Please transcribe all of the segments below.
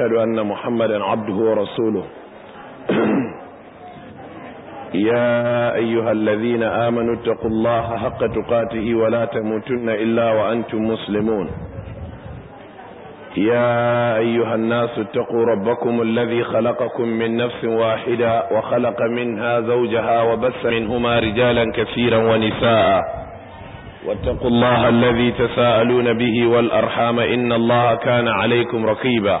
أشهد ان محمدا عبده ورسوله يا ايها الذين امنوا اتقوا الله حق تقاته ولا تموتن الا وانتم مسلمون يا ايها الناس اتقوا ربكم الذي خلقكم من نفس واحده وخلق منها زوجها وبث منهما رجالا كثيرا ونساء واتقوا الله الذي تساءلون به والأرحام إن الله كان عليكم رقيبا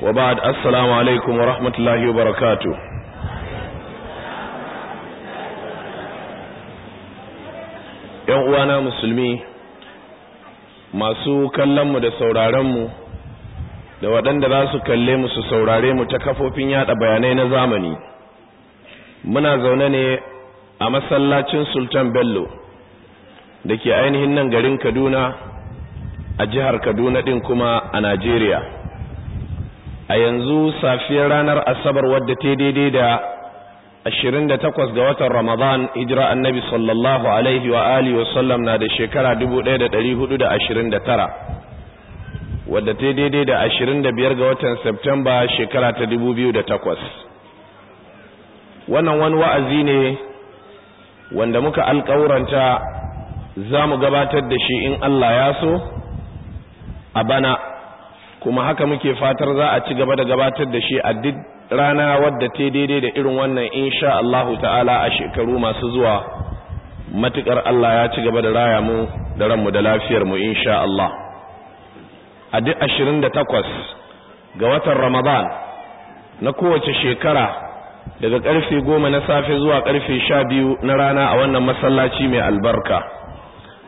wa ba'ad assalamu alaikum wa rahmatullahi wa barakatuh yan uwana musulmi masu kallon mu da mu da waɗanda za su kalle mu su saurare mu ta kafofin yada bayanai na zamani muna zaune ne a masallacin sultan bello da ke ainihin nan garin kaduna a jihar kaduna ɗin kuma a najeriya a yanzu safiyar ranar asabar wadda ta daidai da 28 ga watan ramadan hijira annabi sallallahu alaihi wa alihi wasallam na da shekara 1429 wadda ta daidai da 25 ga watan septemba shekara ta 2008 wannan wani wa'azi ne wanda muka alkawuranta za mu gabatar da shi in Allah ya so a bana kuma haka muke fatar za a ci gaba da gabatar da shi a duk rana wadda ta daidai da irin wannan insha Allah ta'ala a shekaru masu zuwa matukar Allah ya ci gaba da raya mu da ranmu da lafiyar mu insha Allah a duk 28 ga watan Ramadan na kowace shekara daga karfe 10 na safe zuwa karfe 12 na rana a wannan masallaci mai albarka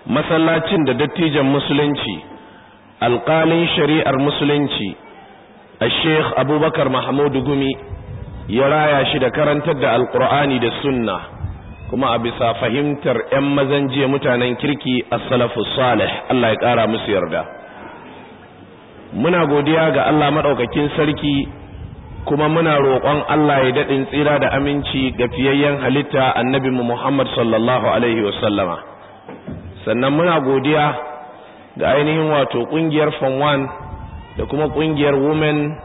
masallacin da dattijan musulunci alƙalin shari'ar musulunci a sheikh abubakar mahamudu gumi ya raya shi da karantar da alƙur'ani da sunna kuma a bisa fahimtar 'yan mazan jiya mutanen kirki a salafu salih allah ya ƙara musu yarda muna godiya ga allah maɗaukakin sarki kuma muna roƙon allah ya daɗin tsira da aminci ga fiyayyen halitta annabinmu muhammad sallallahu alaihi wasallama sannan muna godiya ga ainihin wato kungiyar fan wan da kuma kungiyar women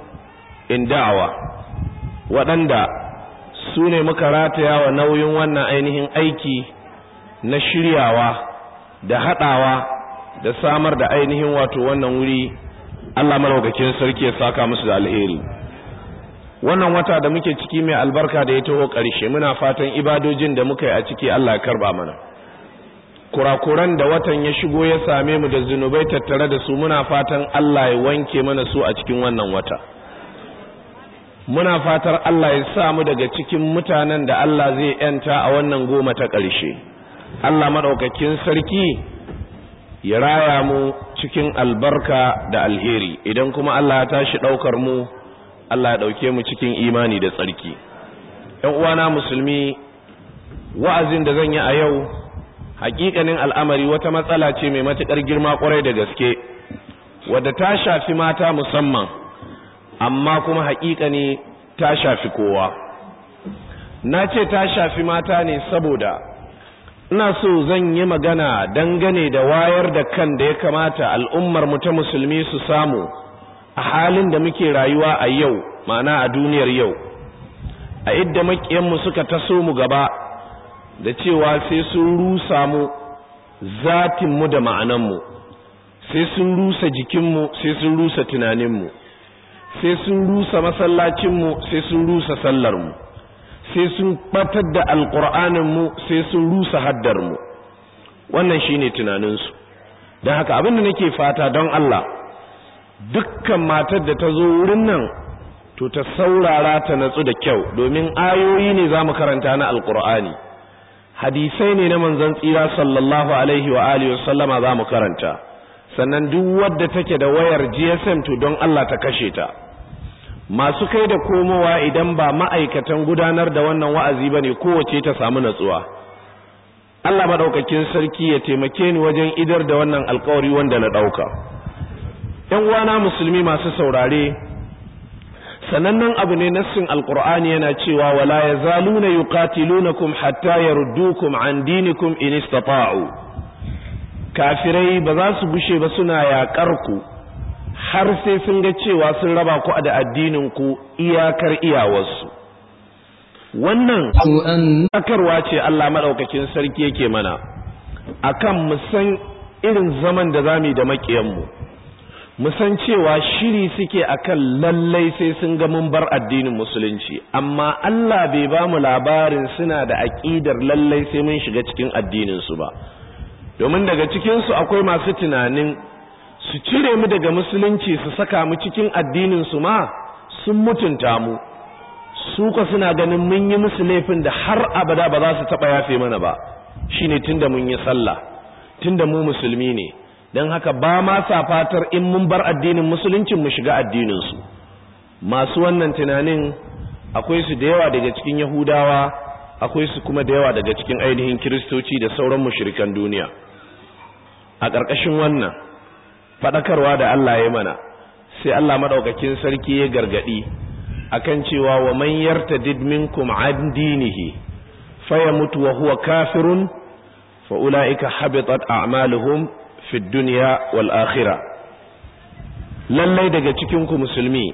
in da'awa waɗanda su ne muka rataya wa nauyin wannan ainihin aiki na shiryawa da haɗawa da samar da ainihin wato wannan wuri Allah maraukakin sarki ya saka musu da alheri wannan wata da muke ciki mai albarka da ya taho ƙarshe muna fatan ibadojin da muka yi a ciki Allah ya karba mana kurakuran da watan ya shigo ya same mu da zunubai tattare da su muna fatan Allah ya wanke mana su a cikin wannan wata muna fatar Allah ya sa mu daga cikin mutanen da Allah zai yanta a wannan goma ta ƙarshe Allah madaukakin sarki ya raya mu cikin albarka da alheri idan kuma Allah ya tashi ɗaukar mu Allah ya dauke mu cikin imani da tsarki ƴan uwana musulmi wa'azin da zan yi a yau Haƙiƙanin al'amari wata matsala ce mai matukar girma kwarai da gaske wadda ta shafi mata musamman amma kuma hakikani ta shafi kowa na ce ta shafi mata ne saboda ina so zan yi magana dangane da wayar da kan da ya kamata al'ummar mu ta musulmi su samu a halin da muke rayuwa a yau ma'ana a duniyar yau a idda makiyanmu suka taso mu gaba da cewa sai sun rusa mu zatinmu da ma'ananmu sai sun rusa jikinmu sai sun rusa tunaninmu sai sun rusa masallacinmu sai sun rusa sallarmu sai sun batar da alƙur'aninmu sai sun rusa haddar mu. wannan shine tunaninsu don haka abin da nake fata don Allah dukkan matar da ta zo wurin nan to ta saurara ta natsu da kyau domin ayoyi ne za mu karanta na alƙur'ani hadisai ne na manzon tsira sallallahu alaihi wa alihi sallama za mu karanta sannan duk wadda take da wayar GSM to don Allah ta kashe ta masu kai da komowa idan ba ma'aikatan gudanar da wannan wa'azi ba ne kowace ta samu natsuwa Allah maɗaukakin sarki ya taimake ni wajen idar da wannan alkawari wanda na ɗauka. ƴan uwana musulmi masu saurare sanannen abu ne nassin alqur'ani yana cewa wala yazaluna yuqatilunakum hatta ruddukum, an dinikum in istata'u kafirai ba za su gushe ba suna yaƙar ku har sai sun ga cewa sun raba ku da addinin ku iyakar iyawarsu wannan akarwa ce Allah madaukakin sarki yake mana akan mu san irin zaman da zamu da makiyanmu. mu musan cewa shiri suke akan lallai sai sun ga mun bar addinin musulunci amma Allah bai ba mu labarin suna da aƙidar lallai sai mun shiga cikin addinin su ba domin daga cikin su akwai masu tunanin su cire mu daga musulunci su saka mu cikin addinin su ma sun mutunta mu su ka suna ganin mun yi musu laifin da har abada ba za su taɓa yafe mana ba shine tunda mun yi sallah tunda mu musulmi ne don haka ba ma sa fatar in mun bar addinin musuluncin mu shiga addininsu masu wannan tunanin akwai su da yawa daga cikin yahudawa akwai su kuma da yawa daga cikin ainihin kiristoci da sauran mushrikan duniya a ƙarƙashin wannan faɗakarwa da Allah ya mana sai Allah maɗaukakin sarki ya gargaɗi akan cewa wa man yartadid minkum an dinihi fayamut wa huwa kafirun fa ulaika habitat a'maluhum fi duniya wal akhira lallai daga cikin ku musulmi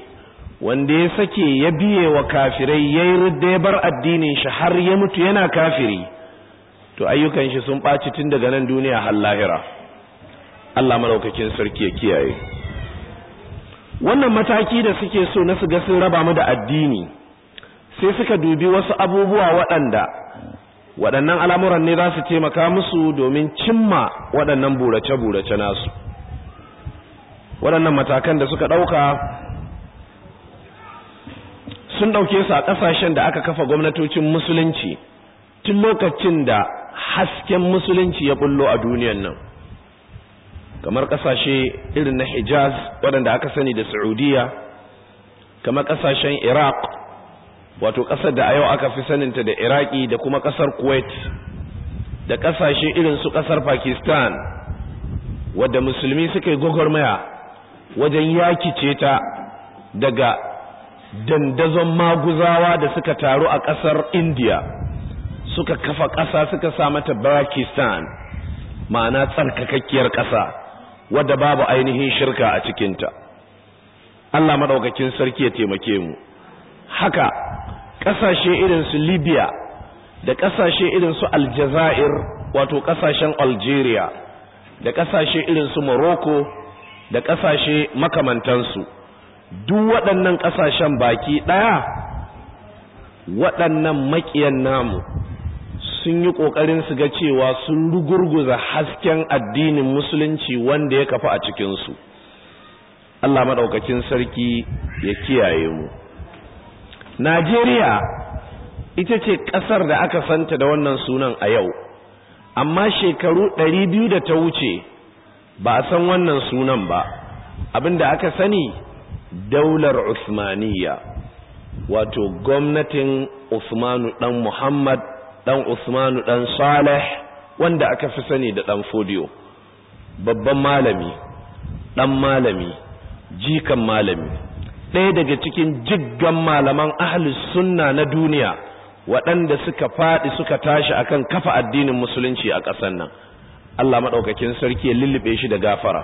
wanda ya sake ya biye wa kafirai yayi ridda ya bar addinin shi har ya mutu yana kafiri to ayyukan shi sun ɓaci tun daga nan duniya har lahira Allah malaukakin sarki ya kiyaye wannan mataki da suke so na su ga sun raba mu da addini sai suka dubi wasu abubuwa waɗanda waɗannan al'amuran ne za su taimaka musu domin cimma waɗannan burace-burace nasu waɗannan matakan da suka ɗauka sun ɗauke su a ƙasashen da aka kafa gwamnatocin musulunci tun lokacin da hasken musulunci ya bullo a duniyan nan kamar ƙasashe irin na hijaz waɗanda aka sani da saudiya kamar ƙasashen iraq wato ƙasar da a yau aka fi saninta da iraki da kuma ƙasar kuwait da ƙasashe irin su ƙasar pakistan wadda musulmi suka yi gwagwarmaya wajen yakice ta daga dandazon maguzawa da suka taru a ƙasar india suka kafa ƙasa suka sa mata pakistan ma'ana tsarkakakkiyar ƙasa wadda babu ainihin shirka a cikinta Allah maɗaukakin sarki ya taimake mu haka ƙasashe irin su libya da ƙasashe irin su aljazair wato ƙasashen algeria da ƙasashe irin su morocco da ƙasashe makamantansu duk waɗannan ƙasashen baki ɗaya waɗannan maƙiyan namu sun yi ƙoƙarin su ga cewa sun rugurguza hasken addinin musulunci wanda ya kafa a cikinsu Allah maɗaukakin sarki ya kiyaye mu Najeriya ita ce ƙasar da aka santa da wannan sunan a yau, amma shekaru ɗari biyu da ta wuce ba a san wannan sunan ba, Abin da aka sani daular Usmaniyya, wato gwamnatin Usmanu ɗan Muhammad ɗan Usmanu ɗan Saleh wanda aka fi sani da ɗan Fodiyo, babban malami, ɗan malami, jikan malami. ɗaya daga cikin jiggan malaman ahli sunna na duniya waɗanda suka faɗi suka tashi akan kafa addinin musulunci a ƙasar nan Allah maɗaukakin sarki ya lullube shi da gafara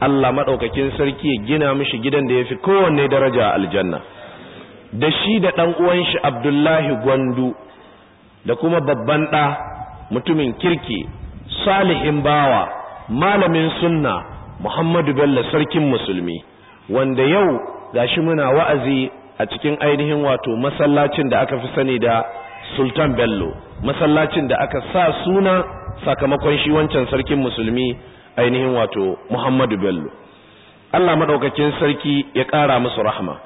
Allah maɗaukakin sarki ya gina mishi gidan da ya fi kowanne daraja a aljanna da shi da ɗan uwan shi Abdullahi Gwandu da kuma babban ɗa mutumin kirki salihin bawa malamin sunna Muhammadu Bello sarkin musulmi wanda yau gashi muna wa'azi a cikin ainihin wato masallacin da aka fi sani da Sultan Bello masallacin da aka sa suna sakamakon shi wancan sarkin musulmi ainihin wato Muhammadu Bello Allah madaukakin sarki ya ƙara musu rahma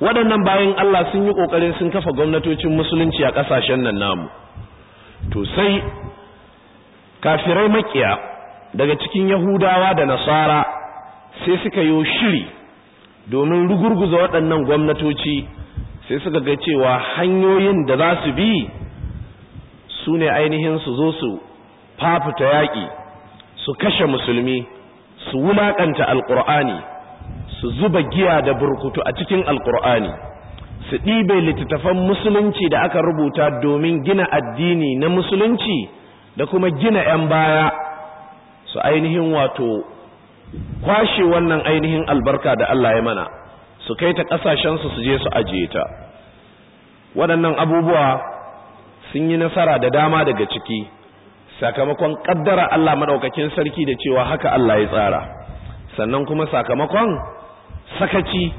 waɗannan bayan Allah sun yi ƙoƙarin sun kafa gwamnatocin musulunci a ƙasashen nan namu to sai kafirai makiya daga cikin Yahudawa da Nasara sai suka yi shiri domin rugurguza waɗannan gwamnatoci sai suka ga cewa hanyoyin da za su bi su ne ainihin su zo su fafuta yaƙi su kashe musulmi su wulaƙanta alƙur'ani su zuba giya da burkutu a cikin alƙur'ani su ɗibe littattafan musulunci da aka rubuta domin gina addini na musulunci da kuma gina 'yan baya su ainihin wato kwashe wannan ainihin albarka da Allah ya mana su kai ta ƙasashensu su je su ajiye ta waɗannan abubuwa sun yi nasara da dama daga ciki sakamakon ƙaddara Allah maɗaukakin sarki da cewa haka Allah ya tsara sannan kuma sakamakon sakaci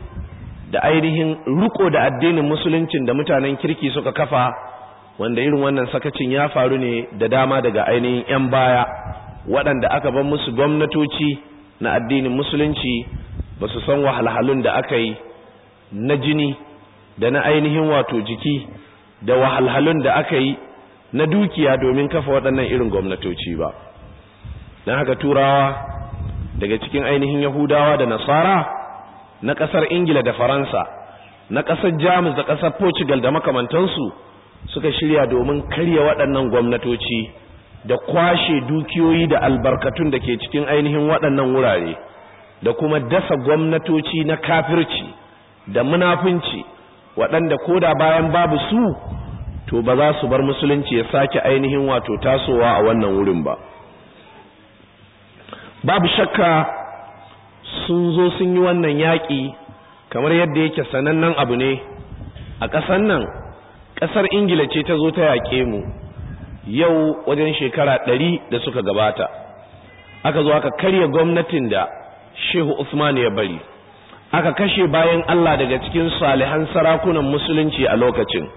da ainihin riko da addinin musuluncin da mutanen kirki suka kafa wanda irin wannan sakacin ya faru ne da dama daga ainihin 'yan baya waɗanda aka ban musu gwamnatoci na addinin musulunci ba su san wahalhalun da aka yi na jini da na ainihin wato jiki da wahalhalun da aka yi na dukiya domin kafa waɗannan irin gwamnatoci ba na haka turawa daga cikin ainihin yahudawa da nasara na ƙasar ingila da faransa na ƙasar jamus da ƙasar portugal da makamantansu suka shirya domin karya waɗannan gwamnatoci da kwashe dukiyoyi da albarkatun da ke cikin ainihin waɗannan wurare da kuma dasa gwamnatoci na kafirci da munafunci waɗanda koda bayan babu su to ba za su bar musulunci ya sake ainihin wato tasowa a wannan wurin ba babu shakka sun zo sun yi wannan yaƙi kamar yadda yake sanannen abu ne a ƙasar nan ƙasar ingila ce ta zo ta yaƙe mu yau wajen shekara ɗari da suka gabata aka zo aka karya gwamnatin da shehu usman ya bari aka kashe bayan allah daga cikin salihan sarakunan musulunci a lokacin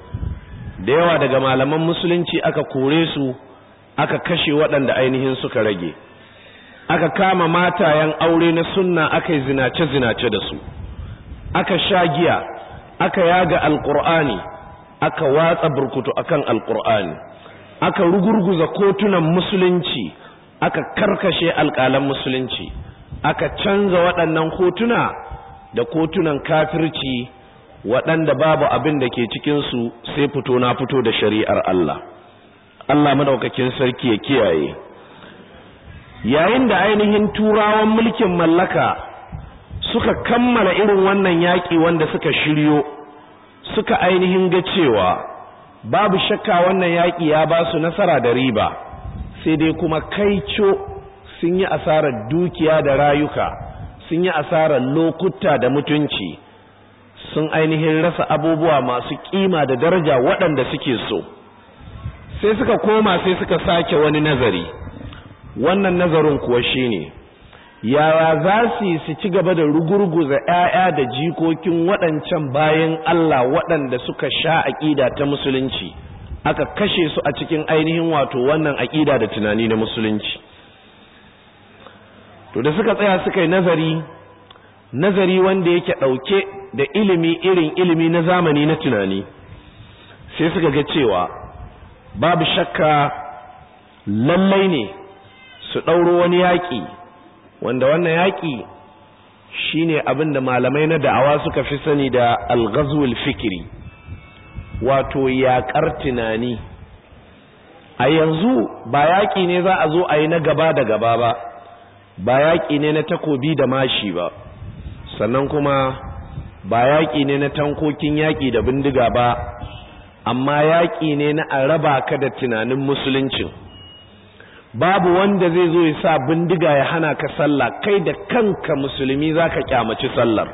da yawa daga malaman musulunci aka kore su aka kashe waɗanda ainihin suka rage aka kama matayen aure na sunna aka yi zinace-zinace da su aka sha giya aka yaga alƙur'ani aka watsa burkutu akan Alkur'ani. aka rugurguza kotunan musulunci aka karkashe alƙalan musulunci aka canza waɗannan kotuna da kotunan kafirci waɗanda babu abin da ke cikinsu sai fito na fito da shari'ar Allah Allah madaukakin sarki ya kiyaye yayin da ainihin turawan mulkin mallaka suka kammala irin wannan yaƙi wanda suka shiryo suka ainihin ga cewa babu shakka wannan yaƙi ya ba su nasara da riba sai dai kuma kaico sun yi asarar dukiya da rayuka sun yi asarar lokuta da mutunci sun ainihin rasa abubuwa masu kima da daraja waɗanda suke so sai suka koma sai suka sake wani nazari wannan nazarin kuwa ne. yawa za su yi su ci gaba da rugurguza 'ya'ya da jikokin waɗancan bayan Allah waɗanda suka sha aƙida ta musulunci aka kashe su a cikin ainihin wato wannan aƙida da tunani na musulunci to da suka tsaya suka yi nazari nazari wanda yake ɗauke da ilimi irin ilimi na zamani na tunani sai suka ga cewa babu shakka lallai ne su ɗauro wani yaƙi wanda wannan yaƙi shine abin da malamai na da'awa suka fi sani da algazul fikiri wato yaƙar tunani a yanzu ba yaƙi ne za a zo a yi na gaba da gaba ba ba yaƙi ne na takobi da mashi ba sannan kuma ba yaƙi ne na tankokin yaƙi da bindiga ba amma yaƙi ne na a raba ka da tunanin musuluncin babu wanda zai zo ya sa bindiga ya hana ka sallah kai da kanka musulmi za ka kyamaci sallar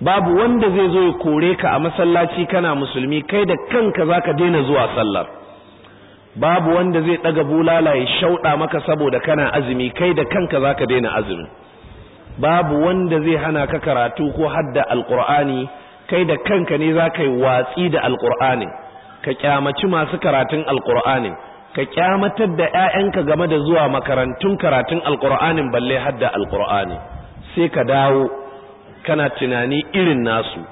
babu wanda zai zo ya kore ka a masallaci kana musulmi kai da kanka za ka daina zuwa sallar babu wanda zai ɗaga bulala ya shauɗa maka saboda kana azumi kai da kanka za ka daina azumi babu wanda zai hana ka karatu ko hadda alqur'ani kai da kanka ne za ka yi watsi da alqur'ani ka kyamaci masu karatun alqur'ani ka kyamatar da 'ya'yanka game da zuwa makarantun karatun alkur'anin balle hadda alkur'ani sai ka dawo kana tunani irin nasu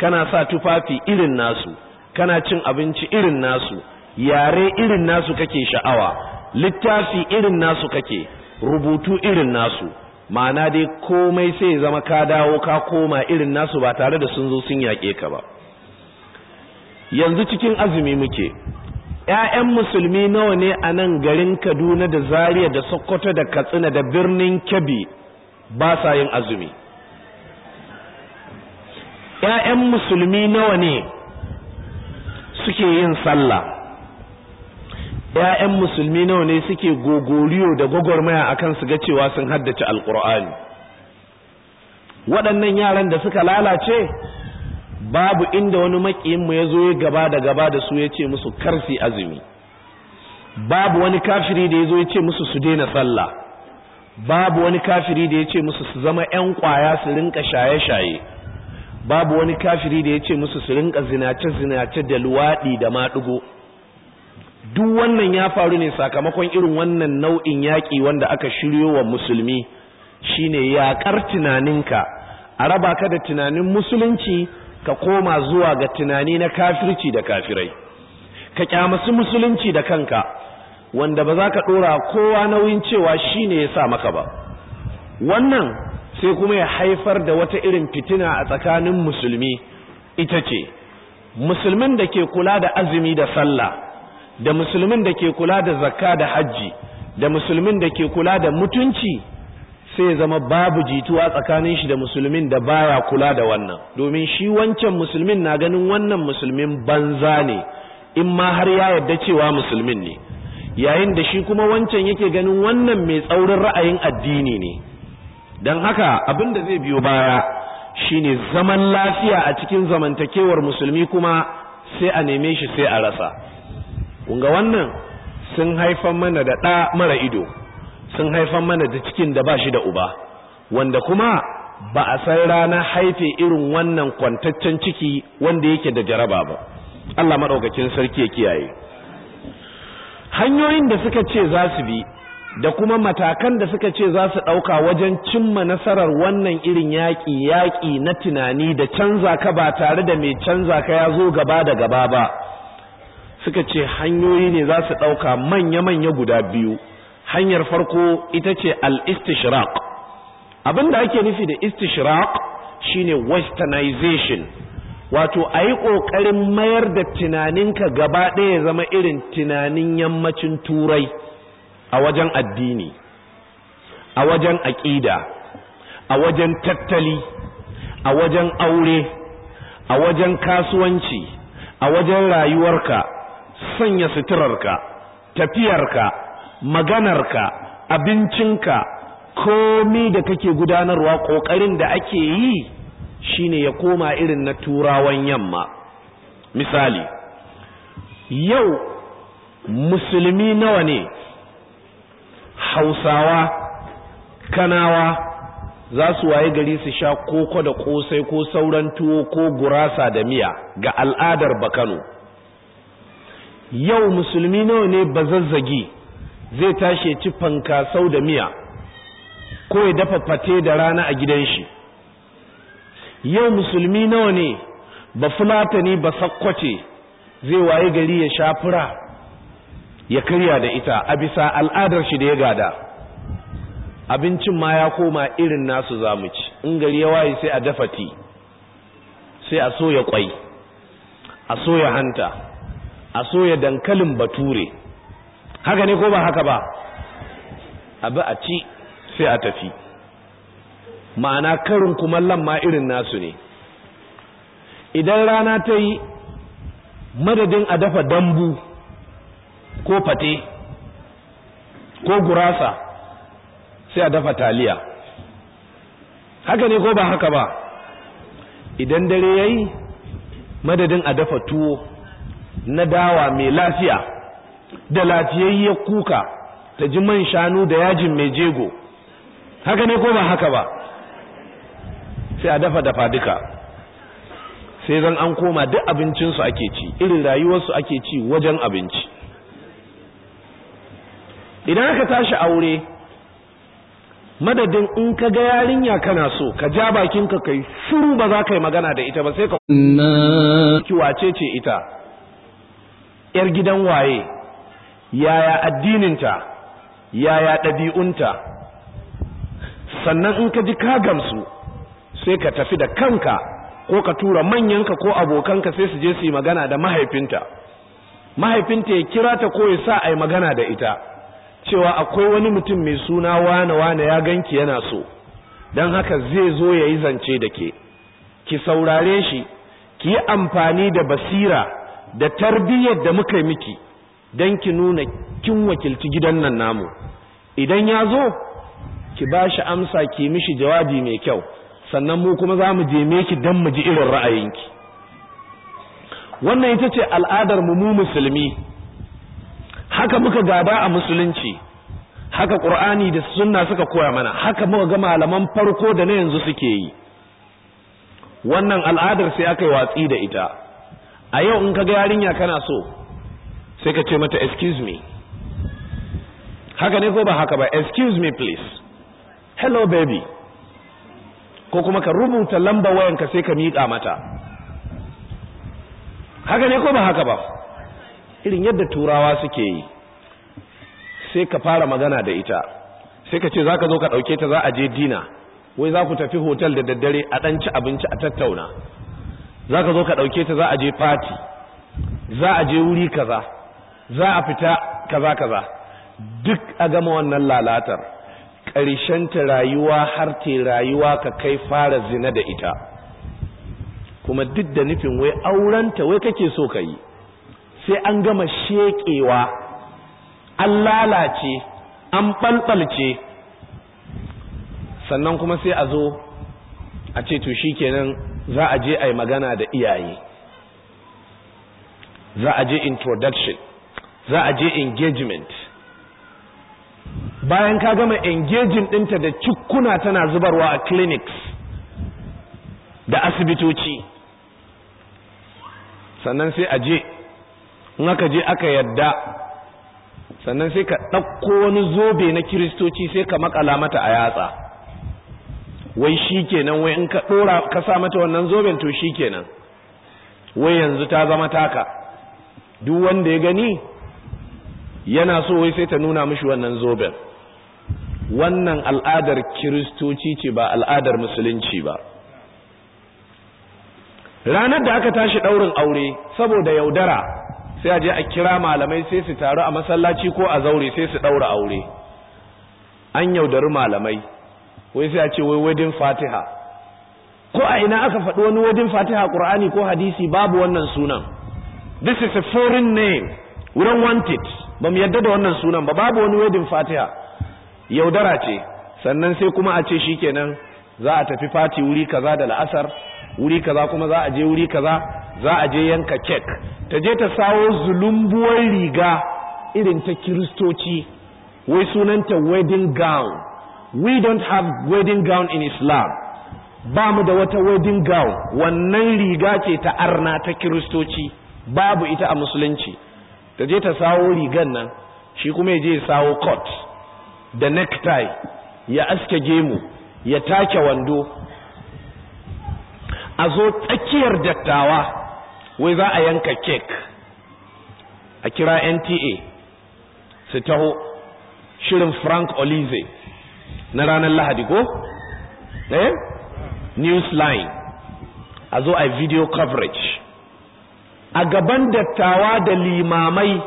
kana sa tufafi irin nasu kana cin abinci irin nasu yare irin nasu kake sha'awa littafi irin nasu kake rubutu irin nasu ma'ana dai komai sai zama ka dawo ka koma irin nasu ba tare da sun zo sun yaƙe ka ba yanzu cikin azumi muke ‘ya'yan musulmi nawa ne a nan garin Kaduna da Zaria da Sokoto da Katsina da birnin Kebbi ba sa yin azumi. ‘ya'yan musulmi nawa ne suke yin sallah, ‘ya'yan musulmi nawa ne suke gogoriyo da gwagwarmaya a kan su cewa sun haddace Alƙur'ani. Waɗannan yaran da suka lalace, babu inda wani makiyinmu ya zo ya gaba da gaba da su ya ce musu karfi azumi babu wani kafiri da ya zo ya ce musu su daina sallah babu wani kafiri da ya ce musu su zama 'yan kwaya su rinka shaye-shaye babu wani kafiri da ya ce musu su rinka zinace-zinace da luwaɗi da maɗugo duk wannan ya faru ne sakamakon irin wannan nau'in yaƙi wanda aka shiryo wa musulmi shine yaƙar tunaninka a raba ka da tunanin musulunci ka koma zuwa ga tunani na kafirci da kafirai ka kyamasu musulunci da kanka wanda ba za ka ɗora kowa nauyin cewa shi ne ya sa maka ba wannan sai kuma ya haifar da wata irin fitina a tsakanin musulmi ita ce musulmin da ke kula da azumi da sallah da musulmin da ke kula da zakka da hajji da musulmin da ke kula da mutunci sai zama babu jituwa tsakanin shi da musulmin da baya kula da wannan domin shi wancan musulmin na ganin wannan musulmin banza ne in ma har ya yarda cewa musulmin ne yayin da shi kuma wancan yake ganin wannan mai tsaurin ra'ayin addini ne don haka abin da zai biyo baya shine zaman lafiya a cikin zamantakewar musulmi kuma sai a neme shi sai a rasa kunga wannan sun haifan mana da ɗa mara ido sun haifan mana da cikin da ba shi da uba wanda kuma ba a san rana haife irin wannan kwantaccen ciki wanda yake da jaraba ba Allah maɗaukakin sarki ya kiyaye hanyoyin da suka ce za su bi da kuma matakan da suka ce za su ɗauka wajen cimma nasarar wannan irin yaƙi yaƙi na tunani da canza ka ba tare da mai canza ka ya zo gaba da gaba ba suka ce hanyoyi ne za su ɗauka manya-manya guda biyu hanyar farko ita ce al abinda ake nufi da shi ne westernization wato a yi ƙoƙarin mayar da tunaninka gaba ɗaya zama irin tunanin yammacin turai a wajen addini a wajen aƙida a wajen tattali a wajen aure a wajen kasuwanci a wajen rayuwarka sanya suturarka tafiyarka maganarka abincinka komi da kake gudanarwa ƙoƙarin da ake yi shine ya koma irin na turawan yamma misali yau musulmi nawa ne hausawa kanawa za su waye gari su sha koko da kosai ko sauran tuwo ko gurasa da miya ga al'adar bakano yau musulmi nawa ne bazazzagi zai tashi ci ci fankasau da miya ko ya dafa fate da rana a gidan shi yau musulmi nawa ne ba fulatani ba sakkwace zai waye gari ya sha fura ya karya da ita a bisa al'adar shi da ya gada abincin ma ya koma irin nasu zamu ci in gari ya waye sai a dafa ti sai a soya kwai a soya hanta a soya dankalin bature haka ne ko ba haka ba abi a ci sai a tafi ma'ana karin kuma lamma irin nasu ne idan rana ta yi madadin a dafa dambu ko fate ko gurasa sai a dafa taliya haka ne ko ba haka ba idan dare ya yi madadin a dafa tuwo na dawa mai lafiya da lafiyayyar kuka ta ji man shanu da yajin mai jego haka ne ko ba haka ba sai a dafa dafa duka sai zan an koma duk abincinsu ake ci irin rayuwarsu ake ci wajen abinci idan aka tashi aure madadin in ka ga yarinya kana so ka ja bakinka kai suru ba za ka yi magana da ita ba sai ka kiwace ce ita yar gidan waye yaya addininta yaya ɗabi'unta sannan in ka ji ka gamsu sai ka tafi da kanka ko ka tura manyanka ko abokanka sai su je su yi magana da mahaifinta mahaifinta ya kira ta ko ya sa a magana da ita cewa akwai wani mutum mai suna wane wane ya ganki yana so don haka zai zo ya yi zance da ke ki saurare shi ki yi amfani da basira da tarbiyyar da muka yi miki don ki nuna kin wakilci gidan nan namu idan ya zo ki ba shi amsa ki mishi jawabi mai kyau sannan mu kuma za mu jeme ki don mu ji irin ra'ayinki wannan ita ce al'adar mu musulmi haka muka gaba a musulunci haka ƙur'ani da sunna suka koya mana haka muka ga malaman farko da na yanzu suke yi wannan al'adar sai aka yi watsi da ita a yau in ka ga yarinya kana so sai ka ce mata excuse me haka ne ko ba haka ba excuse me please hello baby ko kuma ka rubuta lamba wayanka sai ka miƙa mata haka ne ko ba haka ba irin yadda turawa suke yi sai ka fara magana da ita sai ka ce za ka zo ka ɗauke ta za a je dina wai za ku tafi hotel da daddare a ɗanci abinci a tattauna za ka zo ka ɗauke ta za a je fati za a je wuri kaza za a fita kaza kaza duk a gama wannan lalatar ƙarshen ta rayuwa har ta rayuwa ka kai fara zina da ita kuma duk da nufin wai aurenta wai kake so ka yi sai an gama sheƙewa an lalace an ɓalɓalce sannan kuma sai a zo a ce to shi kenan za a je a yi magana da iyaye za a je introduction za a je engagement bayan ka gama engaging ɗinta da cikkuna tana zubarwa a clinics da asibitoci sannan sai a je in aka je aka yadda sannan sai ka ɗauko wani zobe na kiristoci sai ka makala mata a yatsa wai shi kenan wai in ka ɗora ka sa mata wannan zobe to shi kenan wai yanzu ta zama taka duk wanda ya gani yana so wai sai ta nuna mishi wannan zoben wannan al'adar kiristoci ce ba al'adar musulunci ba ranar da aka tashi ɗaurin aure saboda yaudara sai a je a kira malamai sai su taru a masallaci ko a zaure sai su ɗaura aure an yaudari malamai wai sai a ce wai wadin fatiha ko a ina aka faɗi wani wadin fatiha ƙur'ani ko hadisi babu wannan sunan this is a foreign name we don't want it ba mu yadda da wannan sunan ba babu wani wedin fatiha yaudara ce sannan sai kuma a ce shi kenan za a tafi fati wuri kaza da la'asar wuri kaza kuma za a je wuri kaza za a je yanka kek ta je ta sawo zulumbuwar riga irin ta kiristoci wai sunanta wedding gown we don't have wedding gown in islam ba mu da wata wedding gown wannan riga ce ta arna ta kiristoci babu ita a musulunci ta je ta sawo rigan nan shi kuma ya je ya sawo coat da necktie ya aske gemu ya take wando a zo tsakiyar dattawa wai za a yanka kek a kira nta su taho shirin frank olize na ranar lahadi ko? eh? news line a zo a video coverage a gaban dattawa da limamai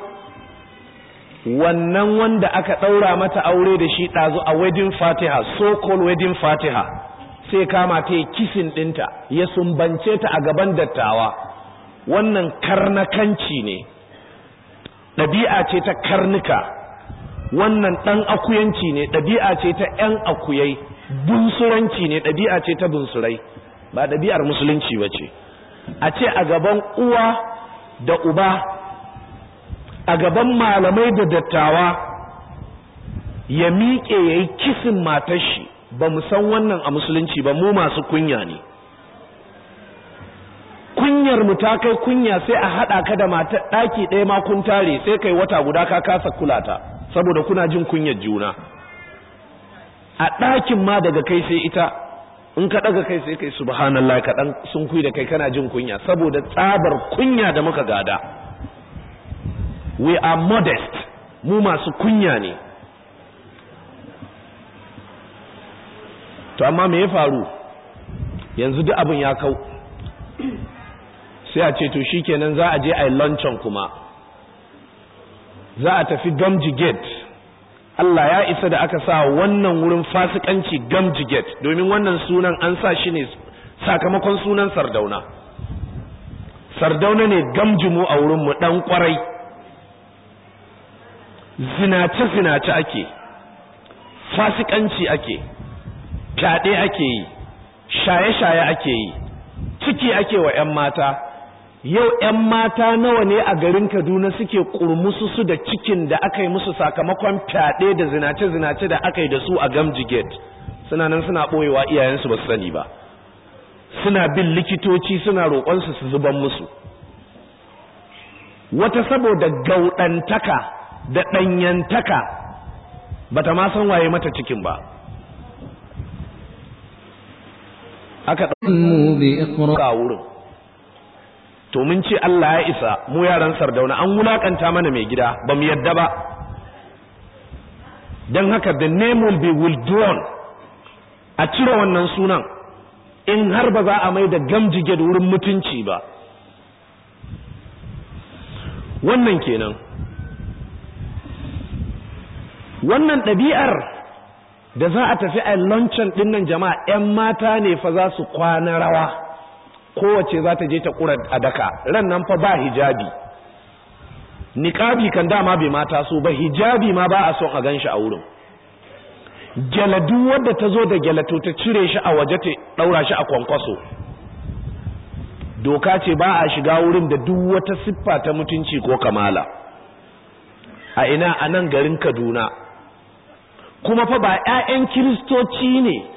wannan wanda aka ɗaura mata aure da shi ɗazu a wedding fatiha so called wedding fatiha sai kama ta kisin ɗinta ya sumbance ta a gaban dattawa wannan karnakanci ne ɗabi'a ce ta karnuka wannan ɗan akuyanci ne ɗabi'a ce ta ‘yan akuyai bunsuranci ne ɗabi'a ce ta bunsurai ba ɗabi'ar musulunci ba ce a ce a gaban uwa da uba a gaban malamai da dattawa ya miƙe ya yi kisin matar shi ba mu san wannan a musulunci ba mu masu kunya ne kunyar mu ta kai kunya sai a haɗa ka da matar ɗaki ɗaya ma kun tare sai kai wata guda ka kasa kulata saboda kuna jin kunyar juna a ɗakin ma daga kai sai ita in ka ɗaga kai sai kai subhanallah ka kaɗan sun kuyi da kai kana jin kunya saboda tsabar kunya da muka gada we are modest mu masu kunya ne to amma me ya faru yanzu duk abin ya kau sai a ce to kenan za a je a yi kuma za a tafi gamji gate Allah ya isa da aka sa wannan wurin fasikanci gamjiget domin wannan sunan an sa shi ne sakamakon sunan sardauna sardauna ne gamjimu a wurinmu ɗan ƙwarai zinace-zinace ake fasikanci ake fyaɗe ake yi shaye-shaye ake yi ciki ake wa ‘yan mata yau 'yan mata nawa ne a garin kaduna suke ƙurmusu su da cikin da aka yi musu sakamakon fyaɗe da zinace-zinace da aka yi da su a gamji gate suna nan suna ɓoyewa iyayensu ba su sani ba suna bin likitoci suna roƙonsu su zuban musu wata saboda gauɗantaka da ɗanyantaka bata ma san waye mata cikin ba aka ɗan mu bi wurin to mun ce Allah ya isa mu yaran sardauna an wulakanta mana mai gida ba mu yadda ba don haka the name will be withdrawn a cire wannan sunan in har ba za a mai da gamjige da wurin mutunci ba wannan kenan wannan ɗabi'ar da za a tafi a luncheon ɗinnan jama'a 'yan mata ne fa za su kwana rawa kowace za ta je ta ƙura a daka ran nan fa ba hijabi niƙabi kan dama bai mata so ba hijabi ma ba a so a gan shi a wurin gyaladu wadda ta zo da gyalato ta cire shi a waje ta ɗaura shi a kwankwaso doka ce ba a shiga wurin da duk wata siffa ta mutunci ko kamala a ina a nan garin kaduna kuma fa ba 'ya'yan kiristoci ne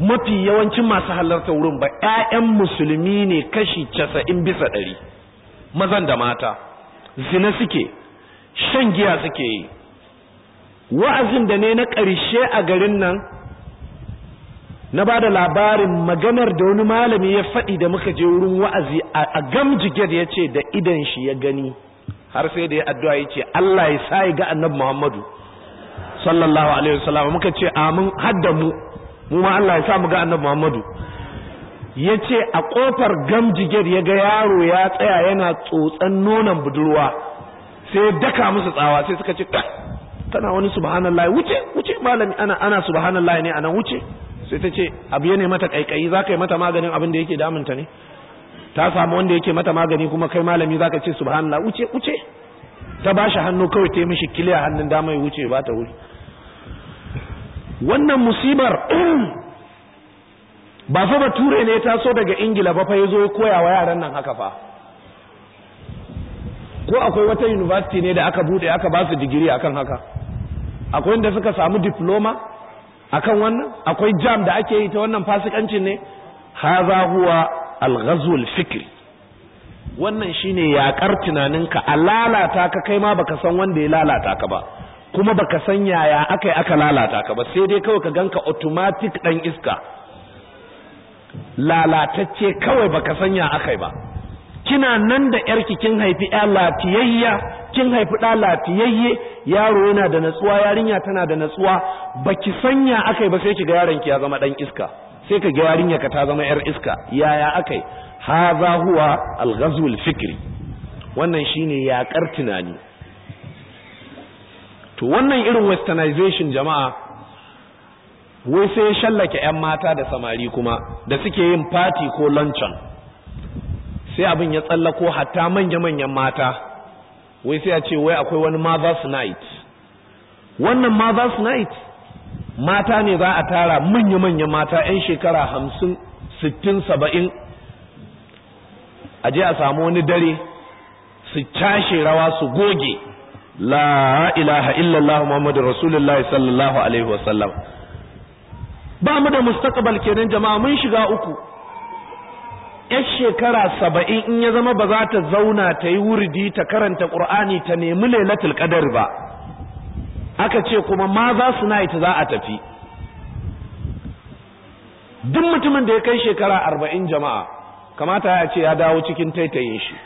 mafi yawancin masu halarta wurin ba 'ya'yan musulmi ne kashi casa'in bisa ɗari mazan da mata zina suke shan giya suke yi wa'azin da ne na ƙarshe a garin nan na ba da labarin maganar da wani malami ya faɗi da muka je wurin wa'azi a gamjige da ya ce da idan shi ya gani har sai da ya addu'a ya ce Allah ya sa ga annabi Muhammadu sallallahu alaihi wasallam muka ce amin hadda mu mu ma Allah ya sa mu ga annabi Muhammadu yace a kofar gamjiger ya ga yaro ya tsaya yana tsotsan nonon budurwa sai daka musu tsawa sai suka ce kana wani subhanallahi wuce wuce malami ana ana subhanallahi ne ana wuce sai ta ce abu yana mata kaikayi zaka yi mata maganin abin da yake damunta ne ta samu wanda yake mata magani kuma kai malami zaka ce subhanallahi wuce wuce ta bashi hannu kawai ta yi mishi kiliya hannun dama ya wuce ba ta wuri wannan musibar ba fa bature ne ta so daga ingila ba fa ya zo koya wa yaran nan haka fa ko akwai wata university ne da aka bude aka ba su digiri akan haka akwai inda suka samu diploma akan wannan akwai jam da ake yi ta wannan fasikancin ne haza huwa alghazul fikr wannan shine yakar tunaninka a lalata ka kai ma baka san wanda ya lalata ka ba kuma baka san yaya aka yi aka lalata ka ba sai dai kawai ka ganka automatic ɗan iska lalatacce kawai baka san ya aka ba kina nan da yarki kin haifi ɗa latiyayya kin haifi ɗa latiyayye yaro yana da natsuwa yarinya tana da natsuwa baki san ya aka ba sai kiga yaron ki ya zama ɗan iska sai ka ga yarinya ka ta zama yar iska yaya akai yi haza huwa al-ghazwul fikri wannan shine yaƙar tunani to wannan irin westernization jama'a wai sai ya shallake 'yan mata da samari kuma da suke yin fati ko luncheon sai abin ya tsallako hatta manya-manyan mata wai sai a ce wai akwai wani mother's night wannan mother's night mata ne za a tara manya-manyan mata 'yan shekara hamsin sittin saba'in a je a samu wani dare su cashe rawa su goge la ilaha رسول الله صلى sallallahu alaihi وسلم ba mu da mustaqbal kenan jama'a mun shiga uku yar shekara saba'in in ya zama ba za ta zauna ta yi wurdi ta karanta ƙur'ani ta nemi lailatul qadar ba aka ce kuma ma za su na ita za a tafi duk mutumin da ya kai shekara arba'in jama'a kamata ya ce ya dawo cikin taitayin shi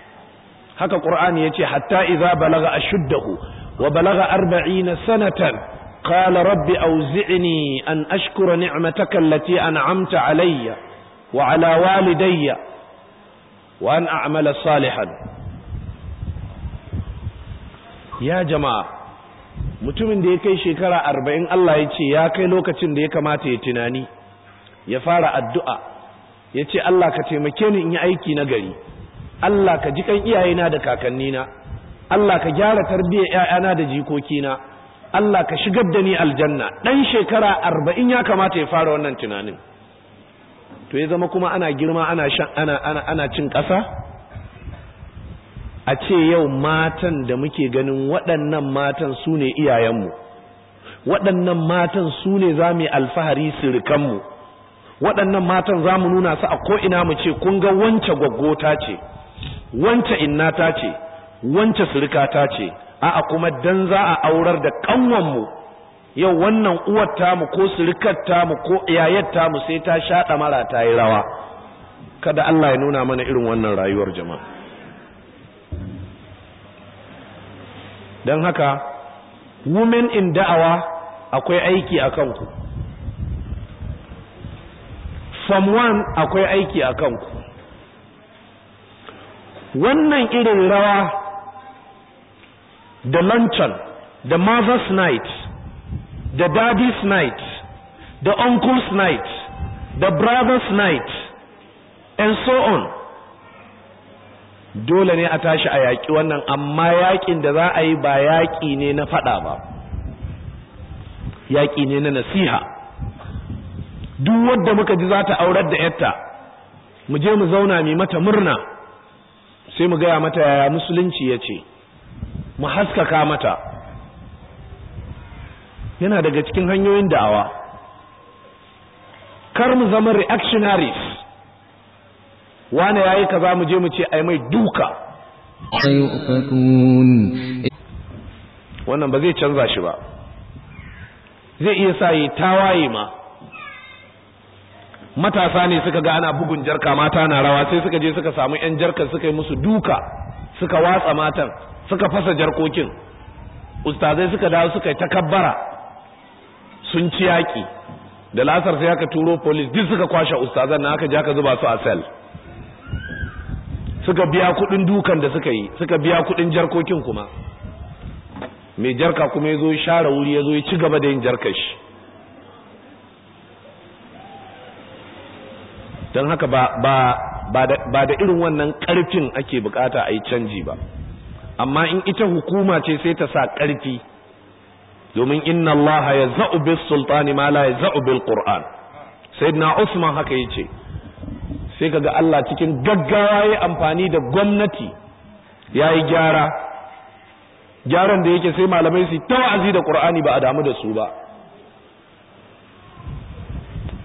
haka qur'ani yace hatta idza balaga ashuddahu wa balaga 40 sanatan qala rabbi awzi'ni an ashkura ni'mataka allati an'amta alayya wa ala walidayya wa an a'mala salihan ya jama'a mutumin da ya kai shekara 40 Allah ya ce ya kai lokacin da ya kamata ya tunani ya fara addu'a yace Allah ka taimake ni in yi aiki na gari Allah ka ji kan iyayena da kakannina Allah ka gyara tarbiyyar yayana da jikokina Allah ka shigar da ni aljanna dan shekara arba'in ya kamata ya fara wannan tunanin to ya zama kuma ana girma ana ana ana cin ƙasa a ce yau matan da muke ganin waɗannan matan su ne iyayenmu waɗannan matan su ne za mu yi alfahari sirikanmu waɗannan matan za mu nuna su a ko'ina mu ce kun ga wance gwaggota ce wance inna ta ce wance surika ta ce a'a kuma dan za a aurar da kanwan mu yau wannan uwar tamu ko surikar tamu ko yayar tamu sai ta shaɗa mara ta yi rawa kada Allah ya nuna mana irin wannan rayuwar jama'a don haka women in da'awa akwai aiki a kanku from one akwai aiki a kanku wannan irin rawa da lantern da mother's night da daddy's night da uncle's night da brother's night and so on dole ne a tashi a yaƙi wannan amma yaƙin da za a yi ba yaƙi ne na faɗa ba yaƙi ne na nasiha duk wadda muka ji za ta aurar da 'yatta mu je mu zauna mai mata murna sai mu gaya mata yaya musulunci ya ce mu haskaka mata yana daga cikin hanyoyin da'awa kar mu zama reactionaries wane yayi kaza mu je mu ce ai mai duka wannan ba zai canza shi ba zai iya sa yi tawaye ma matasa ne suka ga ana bugun jarka mata na rawa sai suka je suka samu yan jarkar suka yi musu duka suka watsa matan suka fasa jarkokin ustazai suka dawo suka yi takabbara sun ci yaƙi da lasar sai aka turo polis duk suka kwashe ustazan na aka ji aka zuba su a sel suka biya kudin dukan da suka yi suka biya kudin jarkokin kuma mai jarka kuma ya zo share wuri ya zo ya ci gaba da yin jarkar shi don haka ba da irin wannan ƙarfin ake bukata a yi canji ba amma in ita hukuma ce sai ta sa ƙarfi domin inna Allah ya za'ubi sultani ma la ya za'ubi bil qur'an na usman haka ce, sai kaga Allah cikin gaggawa ya amfani da gwamnati ya yi gyara gyaran da yake sai malamai su ta wa'azi da ƙur'ani ba a damu da su ba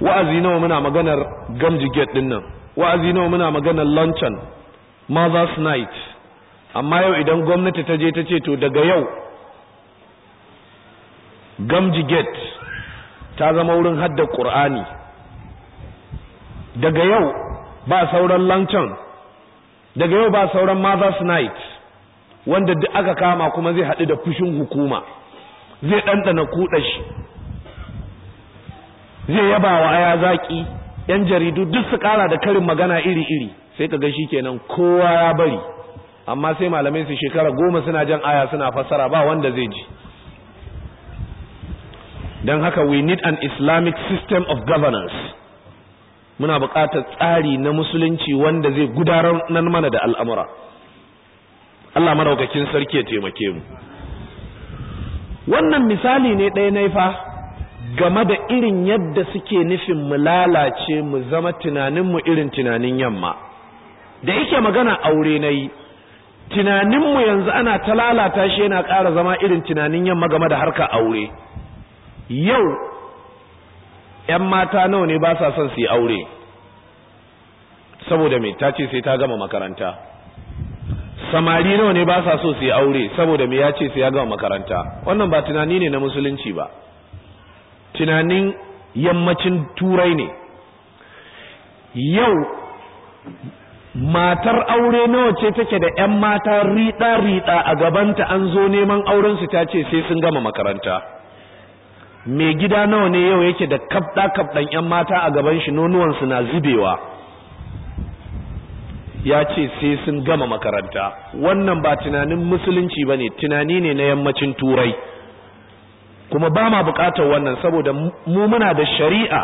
wa'azi nawa muna maganar gamji gate din nan wa'azi nawa muna maganar luncheon mother's night amma yau idan gwamnati ta je ta ce to daga yau gamji gate ta zama wurin hadda ƙur'ani daga yau ba sauran luncheon daga yau ba sauran mother's night wanda duk aka kama kuma zai haɗu da fushin hukuma zai ɗanɗana kuɗa shi zai yaba wa aya zaki yan jaridu duk su kara da karin magana iri-iri sai ka ga shi kenan kowa ya bari amma sai malamai su shekara goma suna jan aya suna fassara ba wanda zai ji don haka we need an islamic system of governance muna buƙatar tsari na musulunci wanda zai gudanar nan mana da al'amura Allah maraukakin sarki ya taimake mu wannan misali ne ɗaya na fa game da irin yadda suke nufin mu lalace mu zama tunaninmu irin tunanin yamma da yake magana aure na yi tunaninmu yanzu ana ta lalata shi yana ƙara zama irin tunanin yamma game da harka aure yau 'yan mata nawa ne ba sa son su yi aure saboda me ta ce sai ta gama makaranta samari nawa ne ba sa so su yi aure saboda me ya ce sai ya gama makaranta wannan ba tunani ne na musulunci ba tunanin yammacin turai ne yau matar aure nawa ce take da 'yan mata riɗa-riɗa a gabanta an zo neman aurensu ta ce sai sun gama makaranta mai gida nawa ne yau yake da kafɗa-kafɗan 'yan mata a gaban shi nonuwansu na zubewa ya ce sai sun gama makaranta wannan ba tunanin musulunci ba ne tunani ne na yammacin turai kuma ba ma buƙatar wannan saboda mu muna da shari'a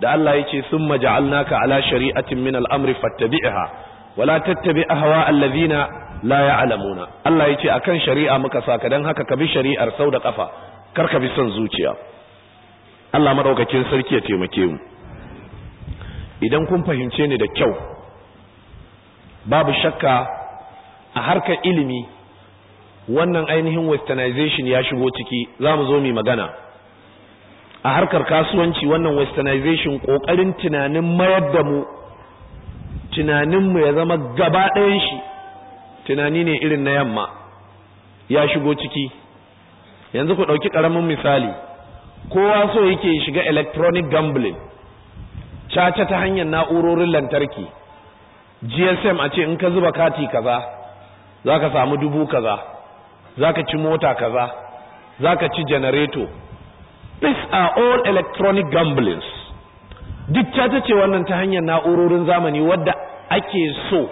da Allah ce sun maja'alnaka ala shari'atin min al'amri fattabi'ha wala tattabi hawa allazina la ya'lamuna Allah ce akan shari'a muka saka dan haka ka bi shari'ar sau da kafa kar ka bi son zuciya Allah madaukakin sarki ya taimake mu idan kun fahimce ni da kyau babu shakka a harkar ilimi wannan ainihin westernization ya shigo ciki za mu zo mai magana a harkar kasuwanci wannan westernization ƙoƙarin tunanin mayar da mu tunaninmu ya zama gaba ɗayan shi tunani ne irin na yamma ya shigo ciki yanzu ku ɗauki ƙaramin misali kowa so yake shiga electronic gambling caca ta hanyar na'urorin lantarki gsm a ce in ka zuba kati kaza za ka samu dubu kaza zaka ci mota kaza zaka ci janareto. these are all electronic gamblings duk ta ce wannan ta hanyar na'urorin zamani wadda ake so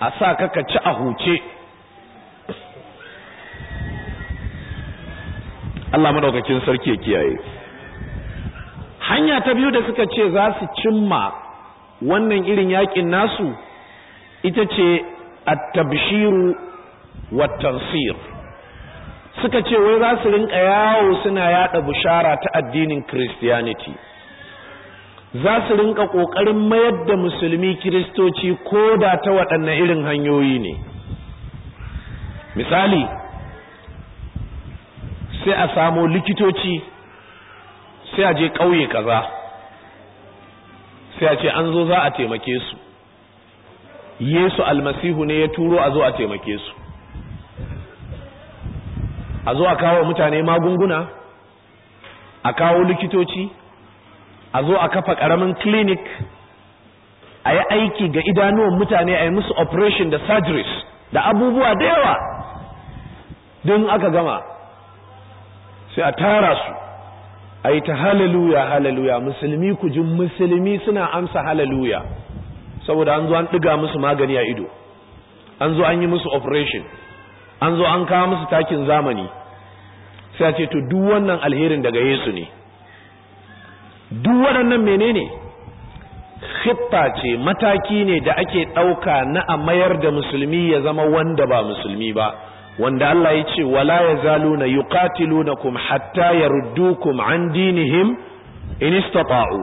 a sa kaka ci a huce Allah madaukakin sarki ya kiyaye hanya ta biyu da suka ce za su cimma wannan irin yakin nasu ita ce at-tabshiru wattansir suka ce wai za su rinka yawo suna yada bushara ta addinin christianity za su rinka ƙoƙarin mayar da musulmi kiristoci ko da ta waɗanne irin hanyoyi ne misali sai a samo likitoci sai a je ƙauye kaza sai a ce an zo za a taimake su yesu almasihu ne ya turo a zo a taimake su a zo a kawo mutane magunguna a kawo likitoci a zo a kafa ƙaramin clinic a yi aiki ga idanuwan mutane a yi musu operation da surgeries da abubuwa da yawa don aka gama sai a tara su a yi ta halaluya halaluya musulmi kujin musulmi suna amsa halaluya saboda an zo an ɗiga musu magani a ido an zo an yi musu operation an zo an kawo musu takin zamani sai ce to duk wannan alherin daga Yesu ne duk waɗannan menene khitta ce mataki ne da ake ɗauka na a mayar da musulmi ya zama wanda ba musulmi ba wanda Allah ya ce wala yazaluna yuqatilunakum hatta yaruddukum an dinihim in istata'u